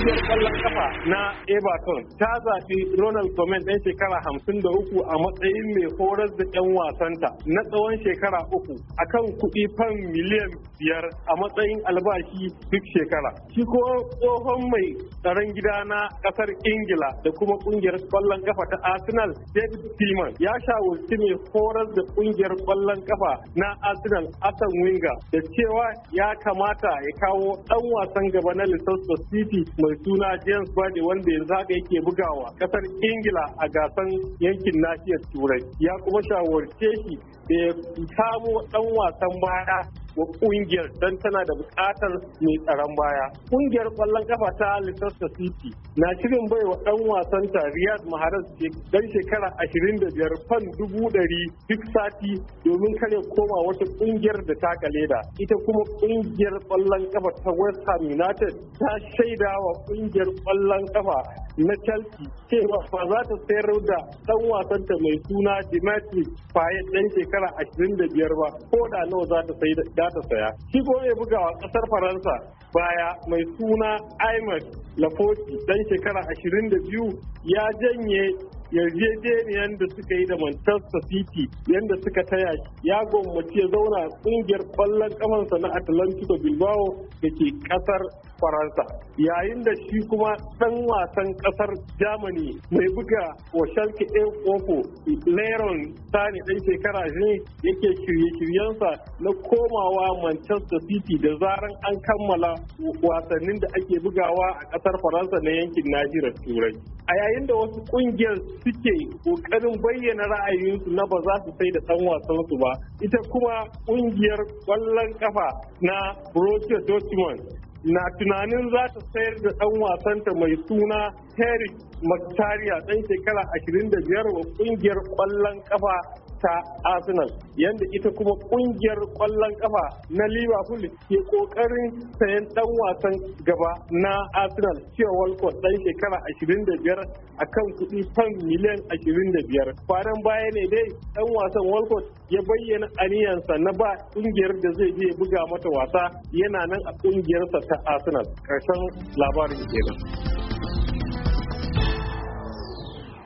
kungiyar kwallon kafa na Everton ta zafi Ronald Koeman ɗan shekara hamsin da uku a matsayin mai horar da 'yan wasanta na tsawon shekara uku a kan kuɗi fan miliyan biyar a matsayin albashi duk shekara. Shi ko tsohon mai tsaron gida na ƙasar Ingila da kuma kungiyar kwallon kafa ta Arsenal David Seaman ya shawarci mai horar da kungiyar kwallon kafa na Arsenal Arsene Wenger da cewa ya kamata ya kawo ɗan wasan gaba na Leicester City mai mai suna James Vardy wanda yanzu haka yake bugawa kasar Ingila a gasan yankin nasiyar Turai ya kuma shawarce shi da ya samu dan wasan baya wa kungiyar don tana da bukatar mai tsaron baya. Kungiyar kwallon kafa ta Leicester City na shirin bai wa ɗan wasan ta Riyad Mahrez dan shekara biyar fan dubu ɗari duk sati domin kare koma wata kungiyar da ta kaleda. Ita kuma kungiyar kwallon kafa ta West Ham United ta shaida wa kungiyar kwallon kafa na Chelsea cewa ba za ta sayar da ɗan wasanta mai suna Dimitri Payet ɗan shekara 25 ba ko da nawa za ta sai da ta saya shi ko mai bugawa ƙasar Faransa baya mai suna Aymar Lafoti ɗan shekara 22 ya janye yarjejeniyar da suka yi da Manchester City yadda suka taya ya gwammaci ya zauna kungiyar kwallon kafansa na Atlantico Bilbao da ke kasar Faransa. Yayin da shi kuma ɗan wasan kasar Germany mai buga wa Schalke Kofo Leron Sani ɗan shekara ne yake shirye-shiryensa na komawa Manchester City da zaran an kammala wasannin da ake bugawa a kasar Faransa na yankin nahiyar Turai. a yayin da wasu kungiyar suke kokarin bayyana ra'ayinsu na ba za su sai da ɗan wasansu ba ita kuma kungiyar ƙwallon kafa na Borussia Dortmund na tunanin za ta sayar da ɗan wasanta mai suna Terry Mactaria dan shekara 25 wa kungiyar ƙwallon kafa ta Arsenal yadda ita kuma kungiyar kwallon kafa na Liverpool ke kokarin sayan dan wasan gaba na Arsenal cewa Walcott dan shekara 25 akan kuɗi fam miliyan 25 kwanan baya ne dai dan wasan Walcott ya bayyana aniyansa na ba kungiyar da zai je buga mata wasa yana nan a kungiyarsa ta Arsenal karshen labarin kenan